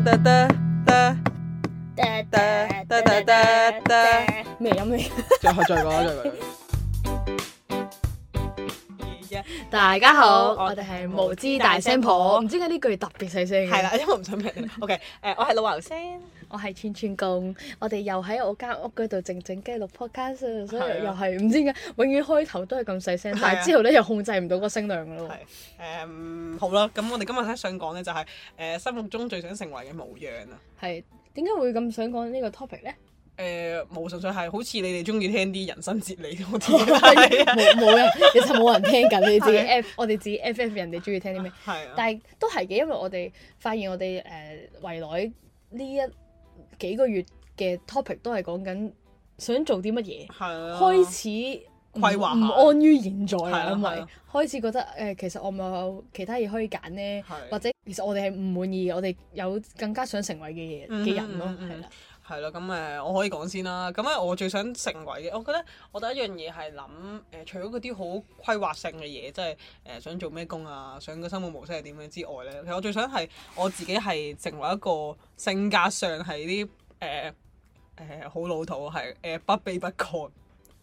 咩飲咩？再下 一個，一個。 大家好，哦、我哋係無知大聲婆，唔知解呢句特別細聲嘅，係啦、嗯，因為我唔想明。 OK，誒、呃，我係老牛僑聲。我係串串工，我哋又喺我間屋嗰度靜靜雞錄 podcast，所以又係唔知點解，永遠開頭都係咁細聲，但係之後咧又控制唔到個聲量咯。誒，um, 好啦，咁我哋今日想講咧就係、是、誒、欸、心目中最想成為嘅模樣啊。係點解會咁想講呢個 topic 咧？誒冇純粹係好似你哋中意聽啲人生哲理好似冇冇人，其實冇人聽緊你自己。F，我哋自己 F，F 人哋中意聽啲咩？係，但係都係嘅，因為我哋發現我哋誒圍內呢一。呃幾個月嘅 topic 都係講緊想做啲乜嘢，啊、開始規劃唔安於現在啊，係咪、啊？因為開始覺得誒、呃，其實我咪有其他嘢可以揀呢，啊、或者其實我哋係唔滿意，我哋有更加想成為嘅嘢嘅人咯，係啦、嗯。嗯嗯嗯係啦，咁誒我可以講先啦。咁咧，我最想成為嘅，我覺得我第一樣嘢係諗誒，除咗嗰啲好規劃性嘅嘢，即係誒、呃、想做咩工啊，想個生活模式係點樣之外咧，其實我最想係我自己係成為一個性格上係啲誒誒好老土，係誒、呃、不卑不亢，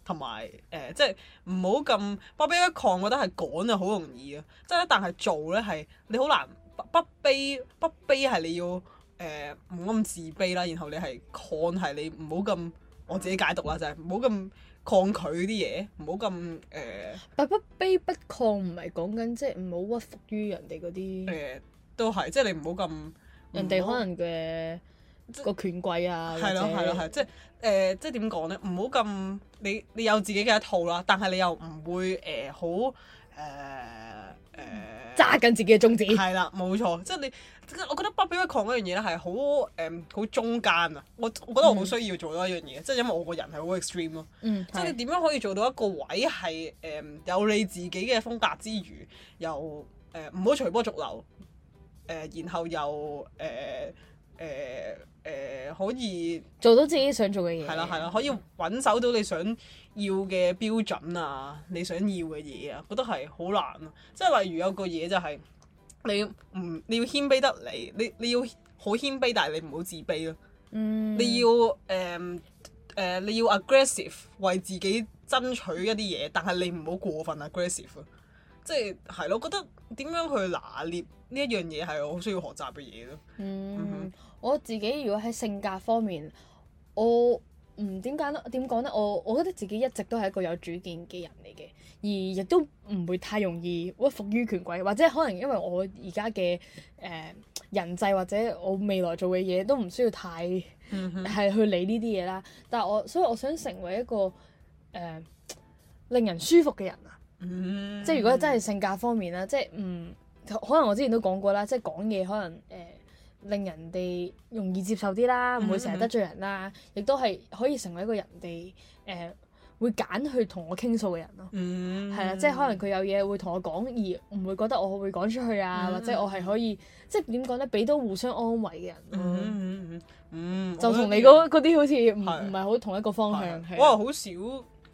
同埋誒即係唔好咁不卑不亢，我覺得係講就好容易啊，即係但係做咧係你好難不卑不卑係你要。誒唔好咁自卑啦，然後你係抗係你唔好咁我自己解讀啦，就係唔好咁抗拒啲嘢，唔好咁誒。不、呃、不卑不亢唔係講緊即係唔好屈服於人哋嗰啲。誒、呃，都係即係你唔好咁人哋可能嘅即個權貴啊。係咯係咯係，即係誒，即係點講咧？唔好咁你你有自己嘅一套啦，但係你又唔會誒、呃、好誒誒揸緊自己嘅宗旨。係啦，冇錯，即係你。我覺得不卑不亢嗰樣嘢咧係好誒好中間啊！我我覺得我好需要做到一樣嘢，嗯、即係因為我個人係好 extreme 咯。嗯、即係你點樣可以做到一個位係誒、嗯、有你自己嘅風格之餘，又誒唔好隨波逐流，誒、呃、然後又誒誒誒可以做到自己想做嘅嘢。係啦係啦，可以穩守到你想要嘅標準啊，嗯、你想要嘅嘢啊，我覺得係好難啊！即係例如有個嘢就係、是。你唔你要謙卑得嚟，你你要好謙卑，但係你唔好自卑咯。嗯，你要誒誒你，你，你要 aggressive 為自己爭取一啲嘢，但係你唔好過分 aggressive，即係係咯。就是，我覺得點樣去拿捏呢一樣嘢係我好需要學習嘅嘢咯。嗯，嗯哼我自己如果喺性格方面，我唔點解咧？點講咧？我我覺得自己一直都係一個有主見嘅人嚟嘅。而亦都唔會太容易屈服於權貴，或者可能因為我而家嘅誒人際或者我未來做嘅嘢都唔需要太係、mm hmm. 去理呢啲嘢啦。但係我所以我想成為一個誒、呃、令人舒服嘅人啊，mm hmm. 即係如果真係性格方面啦，即係唔、呃、可能我之前都講過啦，即係講嘢可能誒、呃、令人哋容易接受啲啦，唔會成日得罪人啦，mm hmm. 亦都係可以成為一個人哋誒、呃會揀去同我傾訴嘅人咯，係啊、嗯，即係可能佢有嘢會同我講，而唔會覺得我會講出去啊，嗯、或者我係可以即係點講咧，俾到互相安慰嘅人。嗯嗯，嗯就同你嗰、那、啲、個、好似唔唔係好同一個方向。的的我又好少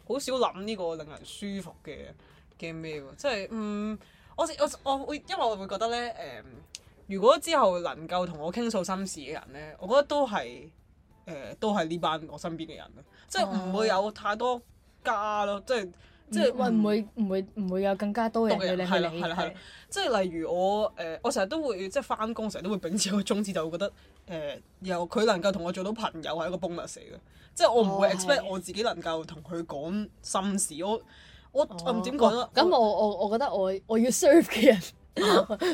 好少諗呢個令人舒服嘅嘅咩喎，即、就、係、是、嗯，我我我，我會因為我會覺得咧誒、呃，如果之後能夠同我傾訴心事嘅人咧，我覺得都係誒、呃、都係呢班我身邊嘅人即係唔會有太多、嗯。加咯，即係即係，會唔會唔會唔會有更加多人嘅你係你嘅？即係例如我誒，我成日都會即係翻工，成日都會秉持個宗旨，就會覺得誒，然後佢能夠同我做到朋友係一個 bonus 嚟嘅。即係我唔會 expect 我自己能夠同佢講心事。我我唔點講？咁我我我覺得我我要 serve 嘅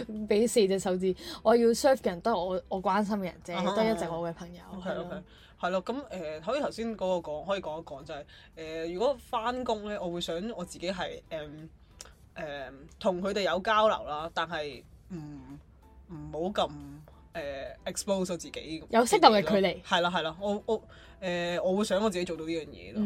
人，俾四隻手指。我要 serve 嘅人都係我我關心嘅人，啫，都係一直我嘅朋友係咯。係咯，咁誒可以頭先嗰個講，可以講一講就係、是、誒、呃，如果翻工咧，我會想我自己係誒誒同佢哋有交流啦，但係唔唔好咁誒 expose 自己，有適當嘅距離。係啦係啦，我我誒、呃、我會想我自己做到呢樣嘢咯，係、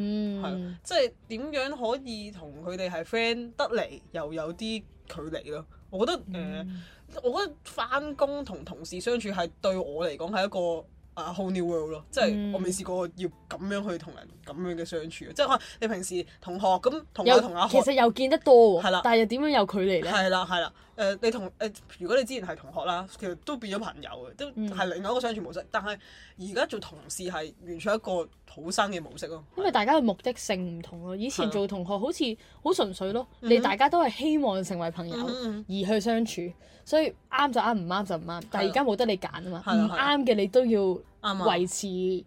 嗯、即係點樣可以同佢哋係 friend 得嚟，又有啲距離咯。我覺得誒，呃嗯、我覺得翻工同同事相處係對我嚟講係一個。啊 whole new world 咯、嗯，即係我未試過要咁樣去同人咁樣嘅相處，嗯、即係可能你平時同學咁，又同阿，其實又見得多喎，係啦，但係又點樣有距離咧？係啦係啦，誒、呃、你同誒、呃、如果你之前係同學啦，其實都變咗朋友嘅，都係另外一個相處模式，嗯、但係而家做同事係完全一個。好生嘅模式咯、啊，因為大家嘅目的性唔同咯、啊。以前做同學好似好純粹咯，mm hmm. 你大家都係希望成為朋友而去相處，mm hmm. 所以啱就啱，唔啱就唔啱。Mm hmm. 但係而家冇得你揀啊嘛，唔啱嘅你都要維持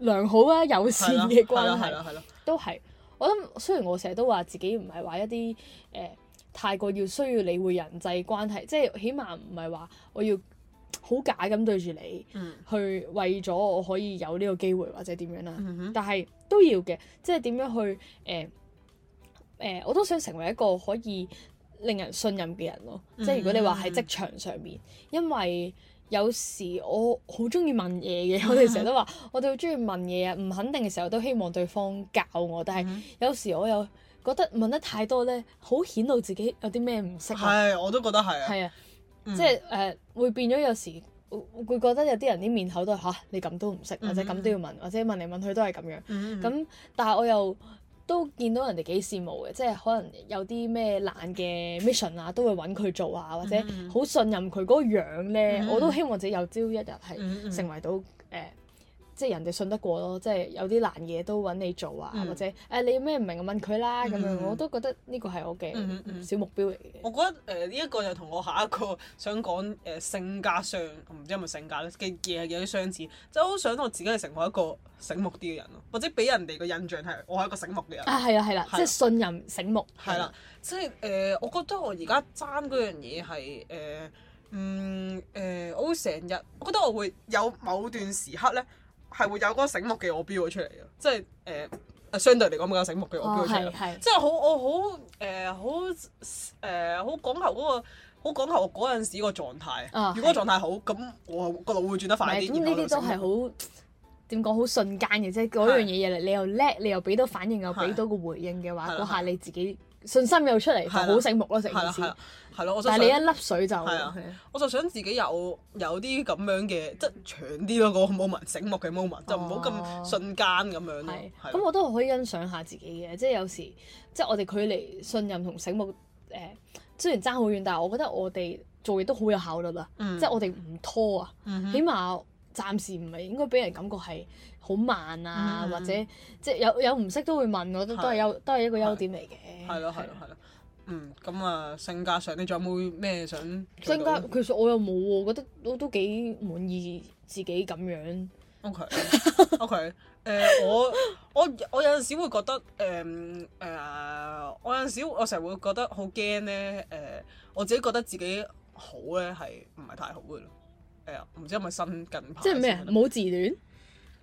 良好啊友善嘅關係，mm hmm. 都係。我諗雖然我成日都話自己唔係話一啲誒、呃、太過要需要理會人際關係，即、就、係、是、起碼唔係話我要。好假咁對住你，嗯、去為咗我可以有呢個機會或者點樣啦，嗯、哼但係都要嘅，即係點樣去誒誒、呃呃，我都想成為一個可以令人信任嘅人咯。嗯、哼即係如果你話喺職場上面，嗯、哼因為有時我好中意問嘢嘅，我哋成日都話我哋好中意問嘢啊，唔肯定嘅時候都希望對方教我，但係有時我有覺得問得太多咧，好顯露自己有啲咩唔識。係，我都覺得係啊。係啊。嗯、即係誒、呃，會變咗有時會覺得有啲人啲面口都係嚇、啊，你咁都唔識，嗯嗯嗯、或者咁都要問，或者問嚟問去都係咁樣。咁、嗯嗯嗯、但係我又都見到人哋幾羨慕嘅，即係可能有啲咩爛嘅 mission 啊，都會揾佢做啊，或者好信任佢嗰個樣咧，嗯嗯嗯、我都希望自己有朝一日係成為到。即係人哋信得過咯，即係有啲難嘢都揾你做啊，或者誒你有咩唔明問佢啦，咁樣我都覺得呢個係我嘅小目標嚟嘅。我覺得誒呢一個就同我下一個想講誒性格上，唔知係咪性格嘅嘢有啲相似，即係好想我自己係成為一個醒目啲嘅人咯，或者俾人哋嘅印象係我係一個醒目嘅人。啊，係啊，係啦，即係信任醒目。係啦，即係誒，我覺得我而家爭嗰樣嘢係誒，嗯誒，我會成日，我覺得我會有某段時刻咧。係會有個醒目嘅我表咗出嚟嘅，即係誒相對嚟講比較醒目嘅我表出嚟，即係好、呃、我好誒好誒好講求嗰、嗰個好講求嗰陣時個狀態。哦、如果個狀態好，咁我個腦會轉得快啲。呢啲、嗯、都係好點講好瞬間嘅啫。嗰樣嘢嚟是，你又叻，你又俾到反應，又俾到個回應嘅話，嗰下你自己信心又出嚟，就好醒目咯，成件事。但係你一粒水就係啊！我就想自己有有啲咁樣嘅，即係長啲嗰個 moment，醒目嘅 moment，就唔好咁瞬間咁樣。咁我都可以欣賞下自己嘅，即係有時即係我哋距離信任同醒目誒，雖然爭好遠，但係我覺得我哋做嘢都好有效率啦。即係我哋唔拖啊，起碼暫時唔係應該俾人感覺係好慢啊，或者即係有有唔識都會問，我都都係優都係一個優點嚟嘅。係咯，係咯，係咯。嗯，咁啊性格上你仲有冇咩想？性格其實我又冇喎、啊，我覺得都都幾滿意自己咁樣。O K O K，誒我我我有陣時會覺得誒誒、呃呃，我有陣時我成日會覺得好驚咧誒，我自己覺得自己好咧係唔係太好嘅咯？誒、呃、唔知係咪新近排？即係咩啊？冇自戀。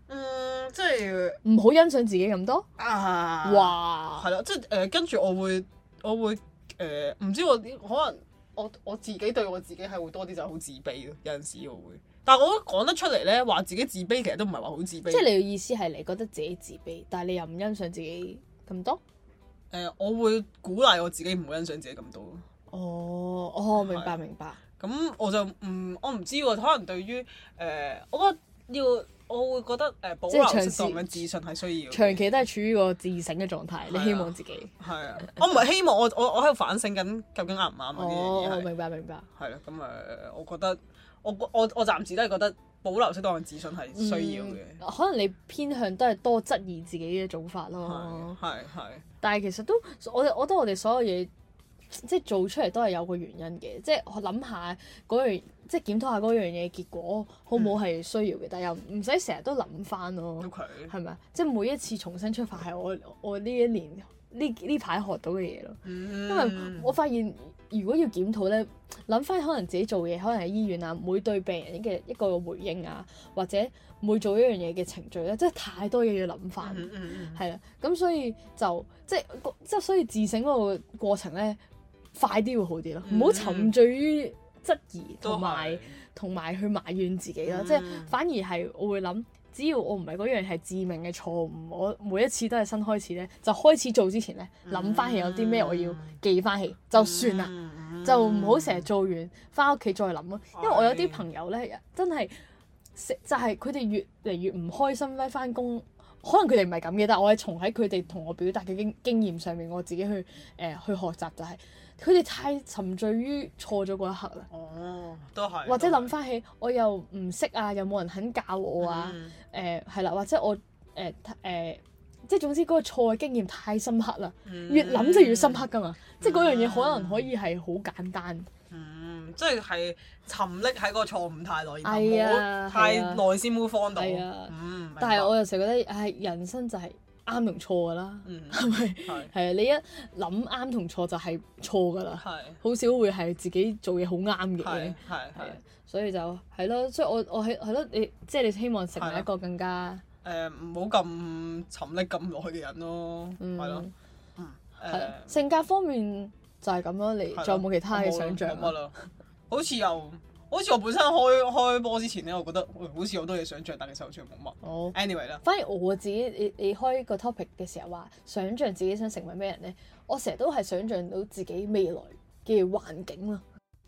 嗯，即係唔好欣賞自己咁多啊！哇，係啦，即係誒跟住我會我會。我會我會誒唔、呃、知我可能我我自己對我自己係會多啲就好自卑咯，有陣時我會，但係我都講得出嚟咧，話自己自卑其實都唔係話好自卑。即係你嘅意思係你覺得自己自卑，但係你又唔欣賞自己咁多？誒、呃，我會鼓勵我自己唔會欣賞自己咁多咯。哦，哦，明白是明白。咁我就唔、嗯、我唔知喎，可能對於誒、呃，我覺得要。我會覺得誒、呃、保留適當嘅自信係需要長，長期都係處於個自省嘅狀態。啊、你希望自己係啊，啊？我唔係希望 我我我喺度反省緊究竟啱唔啱啊，啲嘢我明白明白。係啦、啊，咁、嗯、誒，我覺得我我我暫時都係覺得保留適當嘅自信係需要嘅、嗯。可能你偏向都係多質疑自己嘅做法咯。係係、啊。啊啊啊、但係其實都我我覺得我哋所有嘢。即係做出嚟都係有個原因嘅，即係我諗下嗰樣，即係檢討下嗰樣嘢，結果好唔好係需要嘅，嗯、但又唔使成日都諗翻咯，係咪？Okay. 即係每一次重新出發係我我呢一年呢呢排學到嘅嘢咯，嗯、因為我發現如果要檢討咧，諗翻可能自己做嘢，可能喺醫院啊，每對病人嘅一個回應啊，或者每做一樣嘢嘅程序咧，真係太多嘢要諗翻，係啦、嗯，咁、嗯、所以就即係即係所以自省嗰個過程咧。快啲會好啲咯，唔好、嗯、沉醉於質疑同埋同埋去埋怨自己啦，嗯、即係反而係我會諗，只要我唔係嗰樣係致命嘅錯誤，我每一次都係新開始咧，就開始做之前咧，諗翻起有啲咩我要記翻起、嗯、就算啦，嗯、就唔好成日做完翻屋企再諗咯，因為我有啲朋友咧，真係食就係佢哋越嚟越唔開心咧，翻工。可能佢哋唔係咁嘅，但係我係從喺佢哋同我表達嘅經經驗上面，我自己去誒、呃、去學習就係佢哋太沉醉於錯咗嗰一刻啦。哦，都係。或者諗翻起都係我又唔識啊，又冇人肯教我啊，誒係啦，或者我誒誒、呃呃，即係總之嗰個錯嘅經驗太深刻啦，mm hmm. 越諗就越深刻噶嘛，mm hmm. 即係嗰樣嘢可能可以係好簡單。即係沉溺喺個錯誤太耐，唔好太耐先會放倒。嗯，但係我又成日覺得，唉，人生就係啱同錯噶啦，係咪？係啊，你一諗啱同錯就係錯噶啦，好少會係自己做嘢好啱嘅。係係，所以就係咯，所以我我喺係咯，你即係你希望成為一個更加誒唔好咁沉溺咁耐嘅人咯。嗯，係咯，係性格方面就係咁咯。嚟，仲有冇其他嘅想象？好似又，好似我本身開開波之前咧，我覺得好，好似好多嘢想象，但係實際上冇乜。哦、oh.，anyway 啦，反而我自己，你你開個 topic 嘅時候話，想象自己想成為咩人呢？我成日都係想象到自己未來嘅環境啦。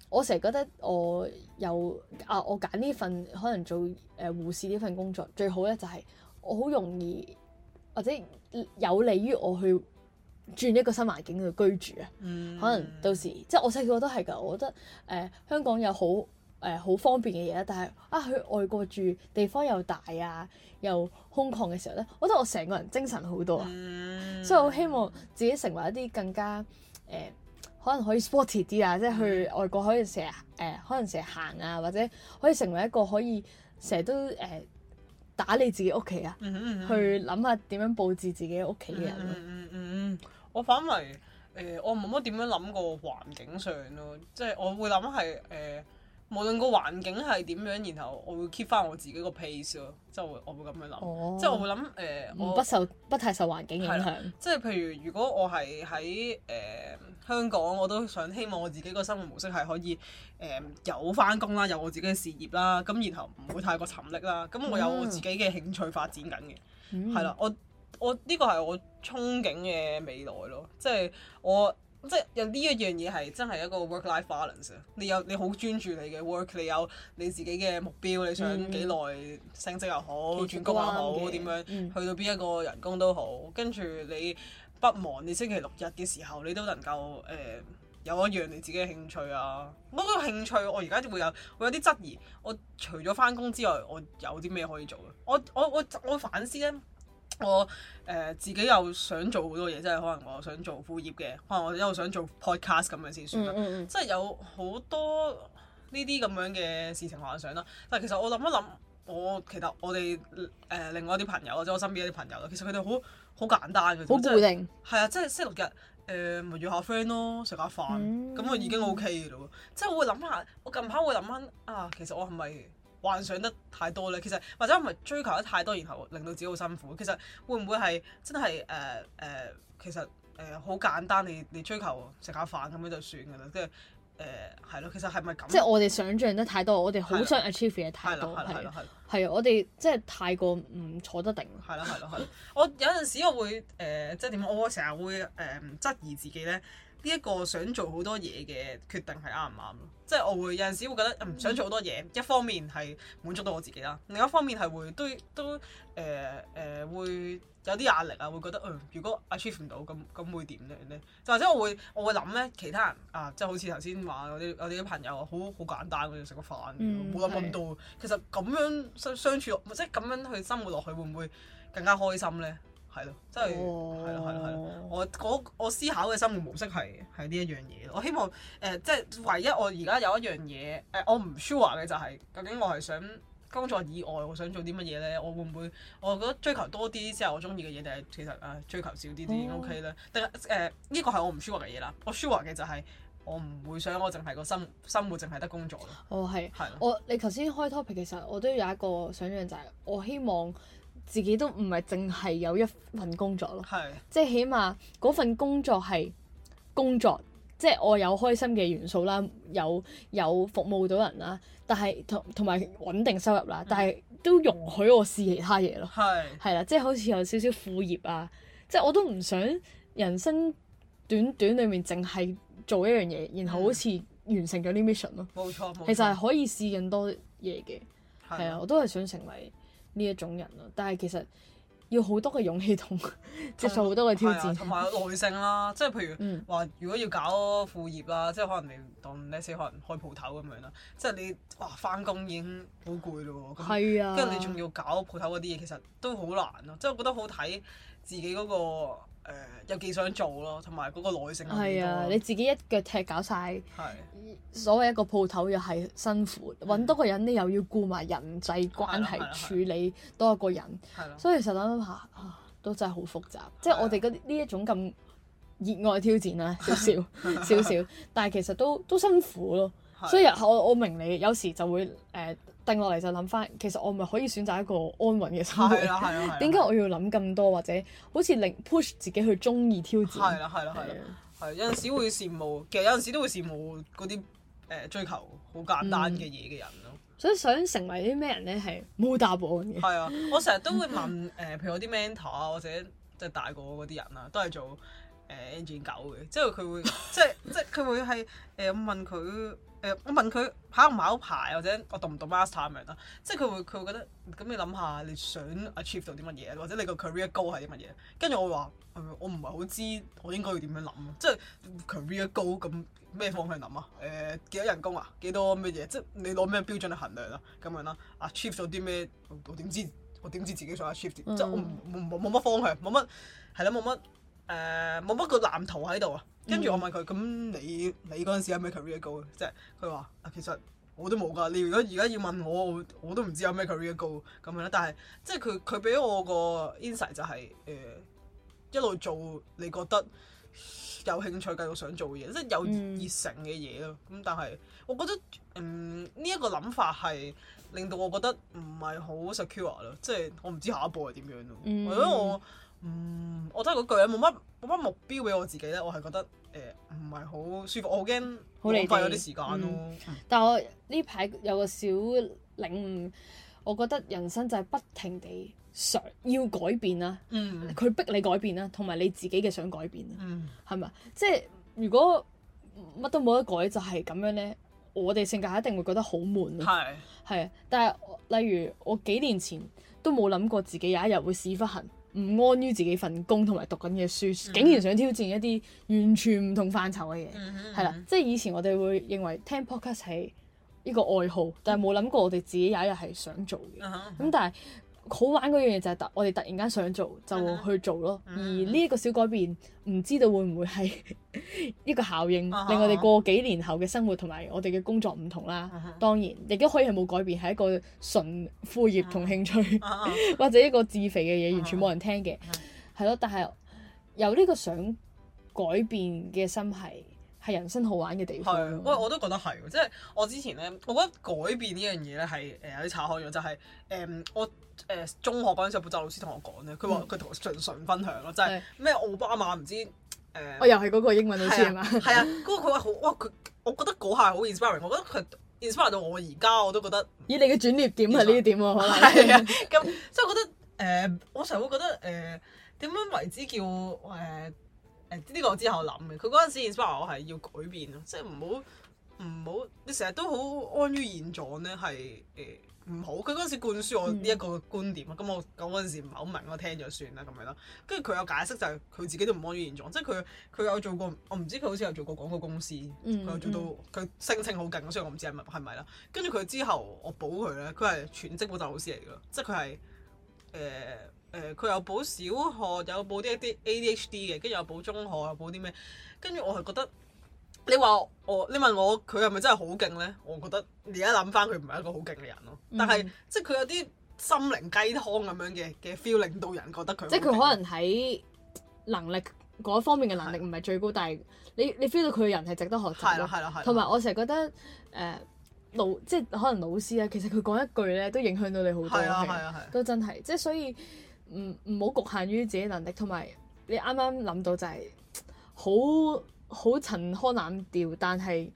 我成日覺得我有，啊，我揀呢份可能做誒護士呢份工作最好呢就係我好容易或者有利於我去。轉一個新環境去居住啊！嗯、可能到時即係我細個都係㗎，我覺得誒、呃、香港有好誒好方便嘅嘢啦，但係啊去外國住地方又大啊，又空曠嘅時候咧，我覺得我成個人精神好多啊！嗯、所以我希望自己成為一啲更加誒、呃、可能可以 sporty 啲啊，嗯、即係去外國可以成日誒可能成日行啊，或者可以成為一個可以成日都誒、呃、打理自己屋企啊，嗯嗯嗯、去諗下點樣佈置自己屋企嘅人、嗯。嗯嗯我反為誒、呃，我冇乜點樣諗過環境上咯，即係我會諗係誒，無論個環境係點樣，然後我會 keep 翻我自己個 pace 咯，即係我會咁樣諗，哦、即係我會諗誒、呃，我不受不太受環境影響。即係譬如如果我係喺誒香港，我都想希望我自己個生活模式係可以誒、呃、有翻工啦，有我自己嘅事業啦，咁然後唔會太過沉溺啦，咁我有我自己嘅興趣發展緊嘅，係啦、嗯，我。我呢、這個係我憧憬嘅未來咯，即係我即係有呢一樣嘢係真係一個 work-life balance 你有你好專注你嘅 work，你有你自己嘅目標，你想幾耐、嗯、升職又好，轉工又好點樣、嗯、去到邊一個人工都好，跟住你不忙你星期六日嘅時候，你都能夠誒、呃、有一樣你自己嘅興趣啊。我嗰個興趣，我而家就會有會有啲質疑，我除咗翻工之外，我有啲咩可以做嘅？我我我我反思咧。我誒、呃、自己又想做好多嘢，即係可能我想做副業嘅，可能我一路想做 podcast 咁樣先算啦，嗯嗯、即係有好多呢啲咁樣嘅事情幻想啦。但係其實我諗一諗，我其實我哋誒、呃、另外一啲朋友，或者我身邊一啲朋友啦，其實佢哋好好簡單嘅，好固定係啊，即係星期六日誒，咪、呃、約下 friend 咯，食下飯咁我、嗯、已經 OK 嘅咯喎。嗯、即係我會諗下，我近排會諗返啊，其實我係咪？幻想得太多咧，其實或者唔係追求得太多，然後令到自己好辛苦。其實會唔會係真係誒誒，其實誒好、呃、簡單，你你追求食下飯咁樣就算噶啦，即係誒係咯。其實係咪咁？即係我哋想像得太多，我哋好想 achieve 嘅嘢太多係。係啊，我哋即係太過唔坐得定，係啦係啦係。我有陣時我會誒、呃，即係點？我成日會誒、呃、質疑自己咧。呢一個想做好多嘢嘅決定係啱唔啱？即係我會有陣時會覺得唔想做好多嘢，嗯、一方面係滿足到我自己啦，另一方面係會都都誒誒、呃呃、會有啲壓力啊，會覺得誒、呃、如果 achieve 唔到咁咁會點咧？咧就或、是、者我會我會諗咧，其他人啊，即、就、係、是、好似頭先話嗰啲嗰啲朋友啊，好好簡單，我要食個飯，冇諗咁多。的其實咁樣相相處即係咁樣去生活落去，會唔會更加開心咧？係咯，真係係咯係咯係咯，我我，我思考嘅生活模式係係呢一樣嘢。我希望誒，即、呃、係、就是、唯一我而家有一樣嘢誒，我唔 sure 嘅就係、是、究竟我係想工作以外，我想做啲乜嘢咧？我會唔會我覺得追求多啲之後我，我中意嘅嘢定係其實誒、啊、追求少啲先、oh. OK 咧？呃這個、定誒呢個係我唔 sure 嘅嘢啦。我 sure 嘅就係、是、我唔會想我淨係個生生活淨係得工作咯。哦、oh,，係係的我你頭先開 topic，其實我都有一個想像就係、是、我希望。自己都唔係淨係有一份工作咯，是即係起碼嗰份工作係工作，即係我有開心嘅元素啦，有有服務到人啦，但係同同埋穩定收入啦，嗯、但係都容許我試其他嘢咯，係是啦，即係好似有少少副業啊，即係我都唔想人生短短裡面淨係做一樣嘢，嗯、然後好似完成咗呢 mission 咯，冇錯，其實係可以試更多嘢嘅，係啊的，我都係想成為，呢一種人咯，但係其實要好多嘅勇氣同接受好多嘅挑戰，同埋、嗯啊、耐性啦、啊。 即係譬如話，如果要搞副業啦，嗯、即係可能你當你死，可能開鋪頭咁樣啦，即係你哇翻工已經好攰咯，咁跟住你仲要搞鋪頭嗰啲嘢，其實都好難咯、啊。即係我覺得好睇自己嗰、嗰個。誒又幾想做咯，同埋嗰個耐性又多。係啊， 你自己一腳踢搞晒，的所謂一個鋪頭又係辛苦，揾的多個人你又要顧埋人際關係處理多一個人，所以實諗諗下都真係好複雜。即係的我哋呢一種咁熱愛挑戰啦、啊的，少少少少， 但係其實都都辛苦咯。的所以又我我明你，有時就會誒。呃定落嚟就諗翻，其實我咪可以選擇一個安穩嘅生活。啦係啦係。點解我要諗咁多或者好似令 push 自己去中意挑戰？係啦係啦係啦。係的有陣時會羨慕，其實有陣時都會羨慕嗰啲誒追求好簡單嘅嘢嘅人咯、嗯。所以想成為啲咩人咧？係冇答案嘅。係啊，我成日都會問誒、呃，譬如我啲 mentor 啊，或者即係大個嗰啲人啊，都係做誒 engine 九嘅，即係佢會 即係即係佢會係咁、呃、問佢。呃、我問佢考唔考牌，或者我讀唔讀 master 咁樣啦，即係佢會佢會覺得咁你諗下，你想 achieve 到啲乜嘢，或者你個 career goal 係啲乜嘢？跟住我會話、呃，我唔係好知我應該要點樣諗，即係 career goal 咁咩方向諗啊？誒、呃、幾多人工啊？幾多乜嘢？即係你攞咩標準嚟衡量啊？咁樣啦，achieve、嗯、到啲咩？我點知？我點知，我點知自己想 achieve 即係我冇乜方向，冇乜係啦，冇乜誒，冇乜個藍圖喺度啊！跟住我問佢：咁你你嗰陣時有咩 career goal？即係佢話：啊，其實我都冇㗎。你如果而家要問我，我都唔知有咩 career goal 咁樣啦。但係即係佢佢俾我個 insight 就係、是、誒、呃、一路做你覺得有興趣、繼續想做嘅嘢，即係有熱誠嘅嘢咯。咁、嗯、但係我覺得嗯呢一、呢個諗法係令到我覺得唔係好 secure 啦。即係我唔知下一步係點樣咯。因為、嗯、我嗯，我真係嗰句咧，冇乜冇乜目標俾我自己咧。我係覺得誒唔係好舒服，我好驚好浪費咗啲時間咯、啊嗯嗯。但係我呢排有個小領悟，我覺得人生就係不停地想要改變啦。嗯，佢逼你改變啦，同埋你自己嘅想改變，嗯，係咪？即係如果乜都冇得改，就係、是、咁樣咧。我哋性格一定會覺得好悶咯。係係啊，但係例如我幾年前都冇諗過自己有一日會屎忽痕。唔安於自己份工同埋讀緊嘅書，竟然想挑戰一啲完全唔同範疇嘅嘢，係啦、mm hmm, mm hmm. 即係以前我哋會認為聽 podcast 係一個愛好，但係冇諗過我哋自己有一日係想做嘅，咁但係，Huh, 嗯嗯好玩嗰樣嘢就係突，我哋突然間想做就去做咯。而呢一個小改變，唔知道會唔會係一個效應、uh huh. 令我哋過幾年後嘅生活同埋我哋嘅工作唔同啦。Uh huh. 當然，亦都可以係冇改變，係一個純副業同興趣，uh huh. 或者一個自肥嘅嘢，完全冇人聽嘅，係咯。Uh huh. Uh huh. 但係由呢個想改變嘅心係。係人生好玩嘅地方，餵我都覺得係，即係我之前咧，我覺得改變呢樣嘢咧係誒有啲岔開咗，就係、是、誒、呃、我誒、呃、中學嗰陣有補習老師同我講咧，佢話佢同我純純分享咯，即係咩奧巴馬唔知誒，我、呃哦、又係嗰個英文老師啊嘛，係啊，嗰、那個佢話好哇佢，我覺得嗰下好 inspiring，我覺得佢 inspire 到我而家我都覺得，以你嘅轉捩點係呢一點喎，係啊 iring，咁即我覺得誒、呃，我成日會覺得誒點、呃呃、樣為之叫誒。呃呃呢、欸這個我之後諗嘅，佢嗰陣時 inspire 我係要改變咯，即係唔好唔好，你成日都好安於現狀咧，係誒唔好。佢嗰陣時灌輸我呢一個觀點咯，咁、嗯、我咁嗰陣時唔係好明，我聽咗算啦咁樣咯。跟住佢有解釋就係佢自己都唔安於現狀，即係佢佢有做過，我唔知佢好似有做過廣告公司，佢、嗯嗯、有做到佢聲稱好勁，所以我唔知係咪係咪啦。跟住佢之後我補佢咧，佢係全職補習老師嚟嘅，即係佢係誒。呃誒佢又補小學，又補啲一啲 ADHD 嘅，跟住又補中學，又補啲咩？跟住我係覺得，你話我，我，你問我佢係咪真係好勁咧？我覺得而家諗翻佢唔係一個好勁嘅人咯。但係、嗯、即係佢有啲心靈雞湯咁樣嘅嘅 feel，令到人覺得佢即係佢可能喺能力嗰方面嘅能力唔係最高，但係你你 feel 到佢嘅人係值得學習咯。係同埋我成日覺得誒、呃、老即係可能老師咧，其實佢講一句咧都影響到你好多嘅。啊係都真係即係所以。的唔唔好局限於自己能力，同埋你啱啱諗到就係好好陳腔濫調，但係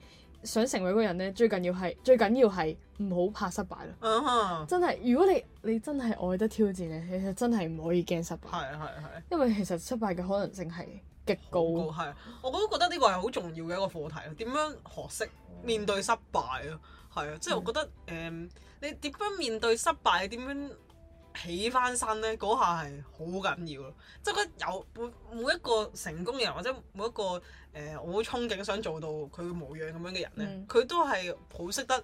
想成為一個人呢，最緊要係最緊要係唔好怕失敗咯。啊啊真係如果你你真係愛得挑戰你其實真係唔可以驚失敗。啊啊、因為其實失敗嘅可能性係極高。我都覺得呢個係好重要嘅一個課題，點樣學識面對失敗啊？係啊，即係、就是、我覺得誒對、嗯，你點樣面對失敗？點樣？起翻身咧，嗰下係好緊要咯，即係覺得有每每一個成功嘅人，或者每一個誒、呃、我好憧憬想做到佢模樣咁樣嘅人咧，佢、嗯、都係好識得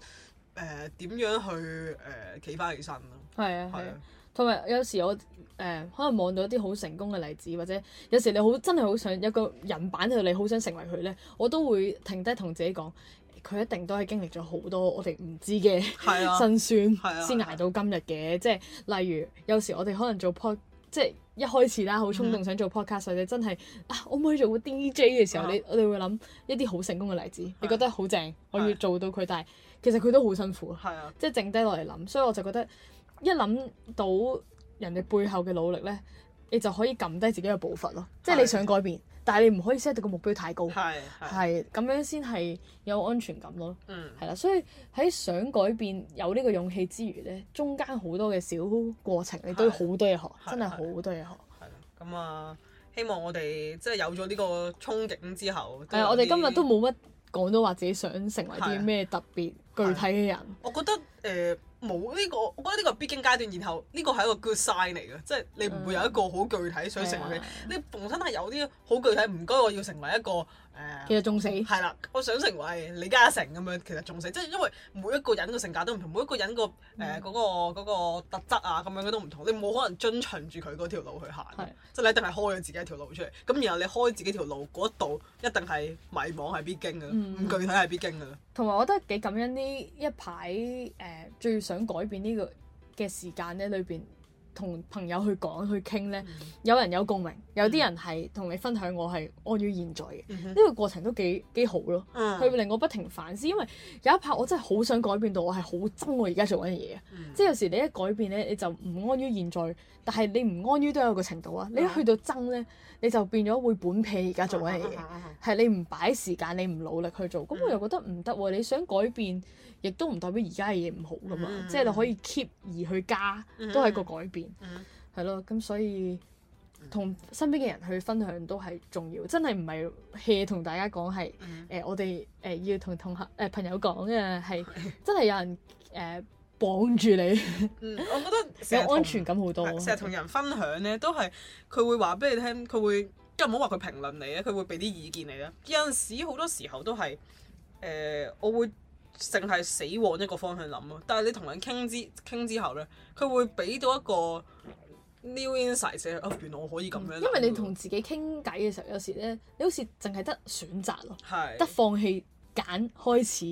誒點、呃、樣去誒、呃、起翻起身咯。係啊，係啊，同埋、啊、有，有時我誒、呃、可能望到一啲好成功嘅例子，或者有時你好真係好想有個人版喺度，你好想成為佢咧，我都會停低同自己講。佢一定都係經歷咗好多我哋唔知嘅辛酸，先小捱事 小事到今日嘅。即係例如有時我哋可能做 pod，即係一開始啦，好衝動想做 podcast，或者、嗯、真係啊，我唔可以做個 DJ 嘅時候，的你我哋會諗一啲好成功嘅例子，的你覺得好正，可以做到佢，的但係其實佢都好辛苦，即係的剩低落嚟諗。所以我就覺得一諗到人哋背後嘅努力咧，你就可以撳低自己嘅步伐咯。即係你想改變。的但係你唔可以 set 到個目標太高，係咁是是樣先係有安全感咯。嗯，係啦，所以喺想改變有呢個勇氣之餘咧，中間好多嘅小過程，你都要好多嘢學，的真係好多嘢學。係啦，咁啊，希望我哋即係有咗呢個憧憬之後。誒，我哋今日都冇乜講到話自己想成為啲咩特別具體嘅人，我覺得誒冇呢個，我覺得呢個係必經階段，然後呢個係一個 good sign 嚟嘅，即係你唔會有一個好具體想成為嘅，嗯、你本身係有啲好具體，唔該我要成為一個。其實仲死，係啦！我想成為李嘉誠咁樣，其實仲死。即係因為每一個人嘅性格都唔同，每一個人、嗯呃那個誒嗰個嗰個特質啊咁樣都唔同。你冇可能遵循住佢嗰條路去行，的即係你一定係開咗自己一條路出嚟。咁然後你開自己條路嗰度一定係迷茫係必經嘅，唔、嗯、具體係必經嘅。同埋我覺得幾感恩呢一排誒、呃、最想改變呢個嘅時間咧裏邊。同朋友去講去傾呢，嗯、有人有共鳴，有啲人係同你分享我係安於現在嘅，呢、嗯、哼個過程都幾幾好咯。佢會、嗯、令我不停反思，因為有一排我真係好想改變到我係好憎我而家做緊嘢、嗯、即係有時你一改變呢，你就唔安於現在。但係你唔安於都有個程度啊。嗯、你一去到憎呢，你就變咗會本撇而家做緊嘢，係、嗯、你唔擺時間，你唔努力去做。咁、嗯、我又覺得唔得喎，你想改變？亦都唔代表而家嘅嘢唔好噶嘛，即係你可以 keep 而去加，都係個改變，係咯。咁所以同身邊嘅人去分享都係重要，真係唔係 hea 同大家講，係，誒我哋誒要同同行誒朋友講嘅係，真係有人誒綁住你。我覺得有安全感好多。成日同人分享咧，都係佢會話俾你聽，佢會即係唔好話佢評論你咧，佢會俾啲意見你咧。有陣時好多時候都係誒，我會。淨係死往一個方向諗咯，但係你同人傾之傾之後咧，佢會俾到一個 new insight，即係哦，原來我可以咁樣、嗯。因為你同自己傾偈嘅時候，有時咧，你好似淨係得選擇咯，得是放棄、揀、開始，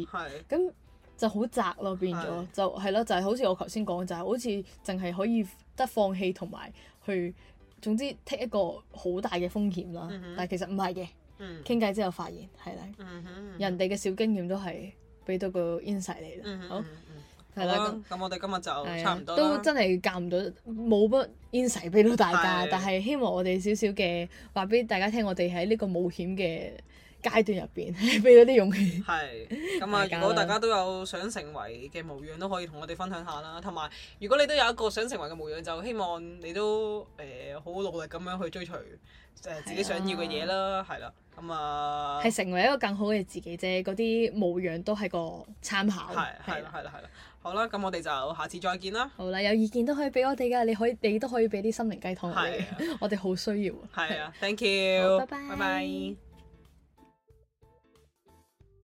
咁是就好窄咯，變咗是就係咯，就係、是、好似我頭先講，就係、是、好似淨係可以得放棄同埋去，總之 take 一個好大嘅風險啦。嗯、哼但係其實唔係嘅，傾偈、嗯、之後發現係啦，人哋嘅小經驗都係。俾到個 inspire 啦，嗯哼，好係啦。咁咁我哋今日就差唔多，啊，都真係教唔到，冇乜 inspire 俾到大家，的但係希望我哋少少嘅話俾大家聽，我哋喺呢個冒險嘅階段入邊，俾咗啲勇氣。係，咁啊！如果大家都有想成為嘅模樣，都可以同我哋分享下啦。同埋，如果你都有一個想成為嘅模樣，就希望你都誒好努力咁樣去追隨誒自己想要嘅嘢啦。係啦，咁啊，係成為一個更好嘅自己啫。嗰啲模樣都係個參考。係，係啦，係啦，係啦。好啦，咁我哋就下次再見啦。好啦，有意見都可以俾我哋㗎，你可以你都可以俾啲心靈雞湯我哋，我哋好需要。係啊，Thank you，拜拜。